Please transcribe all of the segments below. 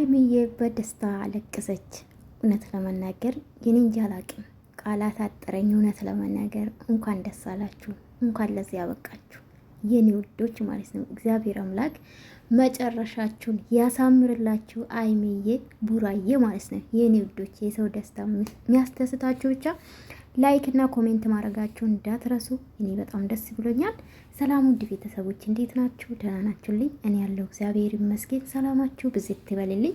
ሀይሚዬ በደስታ አለቀሰች። እውነት ለመናገር የኔ እንጂ አላቅም፣ ቃላት አጠረኝ። እውነት ለመናገር እንኳን ደስ አላችሁ፣ እንኳን ለዚህ ያበቃችሁ የኔ ውዶች ማለት ነው። እግዚአብሔር አምላክ መጨረሻችሁን ያሳምርላችሁ፣ ሀይሚዬ ቡራዬ ማለት ነው። የኔ ውዶች የሰው ደስታ የሚያስደስታችሁ ብቻ ላይክ እና ኮሜንት ማድረጋችሁ እንዳትረሱ። እኔ በጣም ደስ ብሎኛል። ሰላም ውድ ቤተሰቦች እንዴት ናችሁ? ደህና ናችሁልኝ? እኔ ያለው እግዚአብሔር ይመስገን። ሰላማችሁ ብዝት ትበልልኝ።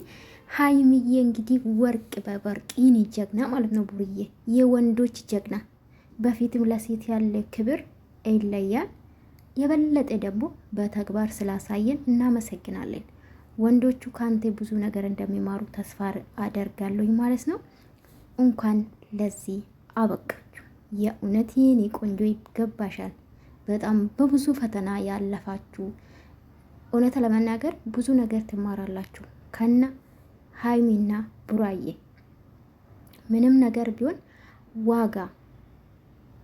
ሀይሚዬ እንግዲህ ወርቅ በወርቅ ይህን ጀግና ማለት ነው ቡርዬ፣ የወንዶች ጀግና። በፊትም ለሴት ያለ ክብር ይለያል። የበለጠ ደግሞ በተግባር ስላሳየን እናመሰግናለን። ወንዶቹ ከአንተ ብዙ ነገር እንደሚማሩ ተስፋ አደርጋለሁኝ ማለት ነው። እንኳን ለዚህ አበቃችሁ። የእውነት የኔ ቆንጆ ይገባሻል። በጣም በብዙ ፈተና ያለፋችሁ፣ እውነት ለመናገር ብዙ ነገር ትማራላችሁ ከና ሀይሚና ቡራዬ። ምንም ነገር ቢሆን ዋጋ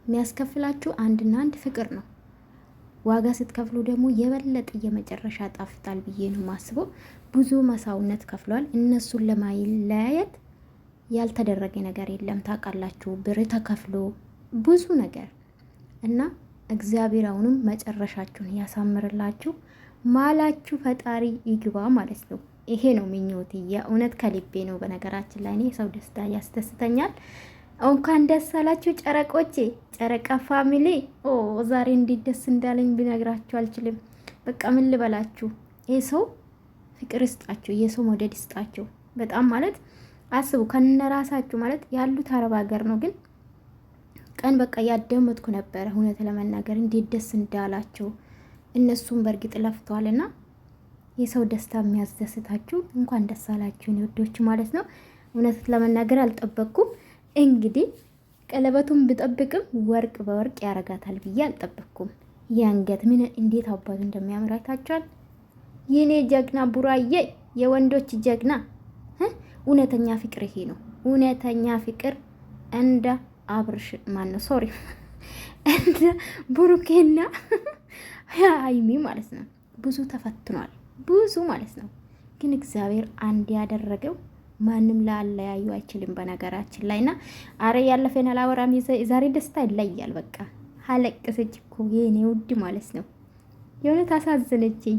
የሚያስከፍላችሁ አንድና አንድ ፍቅር ነው። ዋጋ ስትከፍሉ ደግሞ የበለጠ የመጨረሻ ጣፍጣል ብዬ ነው ማስበው። ብዙ መሳውነት ከፍሏል እነሱን ለማይለያየት ያልተደረገ ነገር የለም። ታውቃላችሁ፣ ብር ተከፍሎ ብዙ ነገር እና እግዚአብሔር አሁንም መጨረሻችሁን ያሳምርላችሁ። ማላችሁ ፈጣሪ ይግባ ማለት ነው። ይሄ ነው ምኞቴ፣ የእውነት ከልቤ ነው። በነገራችን ላይ እኔ ሰው ደስታ ያስደስተኛል። እንኳን ደስ አላችሁ ጨረቆቼ፣ ጨረቃ ፋሚሊ። ኦ ዛሬ እንዴት ደስ እንዳለኝ ብነግራችሁ አልችልም። በቃ ምን ልበላችሁ፣ ይህ ሰው ፍቅር ይስጣችሁ፣ የሰው መውደድ ይስጣችሁ። በጣም ማለት አስቡ ከነራሳችሁ ማለት ያሉት አረብ ሀገር ነው። ግን ቀን በቃ ያደመጥኩ ነበረ እውነት ለመናገር እንዴት ደስ እንዳላቸው እነሱም በእርግጥ ለፍተዋል እና የሰው ደስታ የሚያስደስታችሁ እንኳን ደስ አላችሁ ውዶች ማለት ነው። እውነት ለመናገር አልጠበቅኩም። እንግዲህ ቀለበቱን ብጠብቅም ወርቅ በወርቅ ያረጋታል ብዬ አልጠበቅኩም። የአንገት ምን እንዴት አባቱ እንደሚያምር የኔ ጀግና ቡራዬ፣ የወንዶች ጀግና እውነተኛ ፍቅር ይሄ ነው። እውነተኛ ፍቅር እንደ አብርሽ ነው ሶሪ፣ እንደ ብሩኬና ሀይሚ ማለት ነው። ብዙ ተፈትኗል፣ ብዙ ማለት ነው። ግን እግዚአብሔር አንድ ያደረገው ማንም ላለያዩ አይችልም። በነገራችን ላይ ና አረ ያለፈን አላወራም። የዛሬ ደስታ ይለያል። በቃ አለቀሰች እኮ የኔ ውድ ማለት ነው። የእውነት አሳዘነችኝ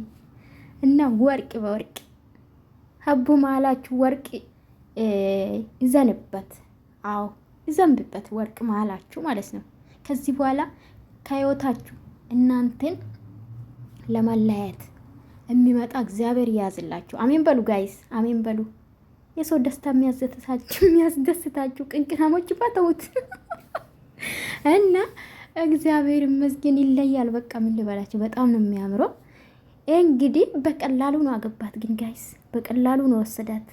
እና ወርቅ በወርቅ ሀቡ ማላችሁ ወርቅ ይዘንበት። አዎ ይዘንብበት፣ ወርቅ መሀላችሁ ማለት ነው። ከዚህ በኋላ ከህይወታችሁ እናንተን ለመለያየት የሚመጣ እግዚአብሔር ይያዝላችሁ። አሜን በሉ ጋይስ፣ አሜን በሉ። የሰው ደስታ የሚያስደስታችሁ ቅንቅናሞች ባተውት እና እግዚአብሔር ይመስገን ይለያል። በቃ ምን ልበላችሁ፣ በጣም ነው የሚያምረው። እንግዲህ በቀላሉ ነው አገባት፣ ግን ጋይስ በቀላሉ ነው ወሰዳት።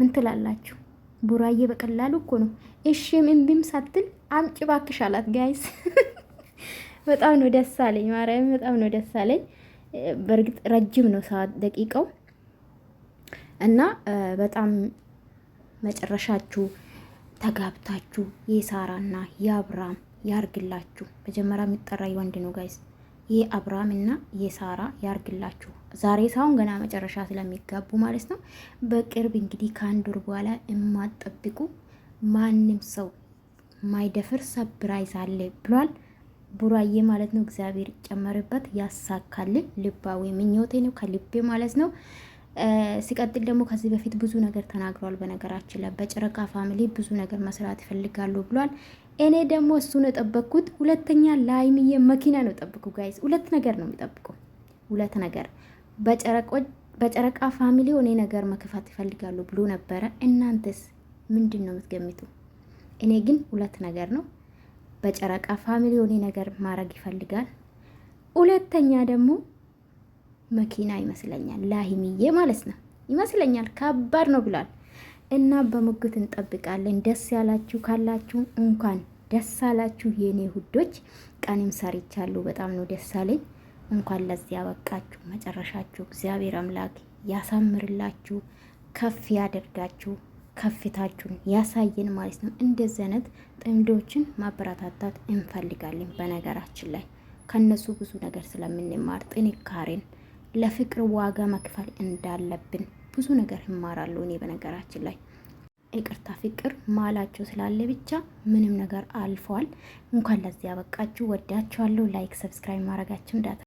ምን ትላላችሁ? ቡራዬ በቀላሉ እኮ ነው። እሺም እምቢም ሳትል አምጪ እባክሽ አላት። ጋይስ በጣም ነው ደስ አለኝ። ማርያም በጣም ነው ደስ አለኝ። በእርግጥ ረጅም ነው ሰዓት ደቂቃው እና በጣም መጨረሻችሁ ተጋብታችሁ የሳራና የአብራም ያርግላችሁ። መጀመሪያ የሚጠራ የወንድ ነው ጋይስ የአብርሃምና የሳራ ያርግላችሁ። ዛሬ ሳሁን ገና መጨረሻ ስለሚጋቡ ማለት ነው። በቅርብ እንግዲህ ከአንድ ወር በኋላ የማጠብቁ ማንም ሰው ማይደፍር ሰብራይዝ አለ ብሏል ቡራዬ ማለት ነው። እግዚአብሔር ይጨመርበት፣ ያሳካልን። ልባዊ ምኞቴ ነው ከልቤ ማለት ነው። ሲቀጥል ደግሞ ከዚህ በፊት ብዙ ነገር ተናግሯል። በነገራችን ላይ በጨረቃ ፋሚሊ ብዙ ነገር መስራት ይፈልጋሉ ብሏል። እኔ ደግሞ እሱን የጠበቅኩት ሁለተኛ ላይምዬ መኪና ነው ጠብቁ ጋይዝ። ሁለት ነገር ነው የሚጠብቁ ሁለት ነገር በጨረቃ ፋሚሊ እኔ ነገር መክፋት ይፈልጋሉ ብሎ ነበረ። እናንተስ ምንድን ነው የምትገምቱ? እኔ ግን ሁለት ነገር ነው በጨረቃ ፋሚሊ እኔ ነገር ማድረግ ይፈልጋል። ሁለተኛ ደግሞ መኪና ይመስለኛል ለሀይሚዬ ማለት ነው ይመስለኛል። ከባድ ነው ብሏል እና በሙግት እንጠብቃለን። ደስ ያላችሁ ካላችሁ እንኳን ደስ አላችሁ የኔ ውዶች። ቀኔም ሰርቻለሁ፣ በጣም ነው ደስ አለኝ። እንኳን ለዚያ ያበቃችሁ። መጨረሻችሁ እግዚአብሔር አምላክ ያሳምርላችሁ፣ ከፍ ያደርጋችሁ፣ ከፍታችሁን ያሳየን ማለት ነው። እንደዚህ አይነት ጥንዶችን ማበረታታት እንፈልጋለን። በነገራችን ላይ ከነሱ ብዙ ነገር ስለምንማር ጥንካሬን ለፍቅር ዋጋ መክፈል እንዳለብን ብዙ ነገር ይማራሉ። እኔ በነገራችን ላይ ይቅርታ ፍቅር ማላችሁ ስላለ ብቻ ምንም ነገር አልፏል። እንኳን ለዚህ ያበቃችሁ። ወዳችኋለሁ። ላይክ ሰብስክራይብ ማድረጋችሁ እንዳት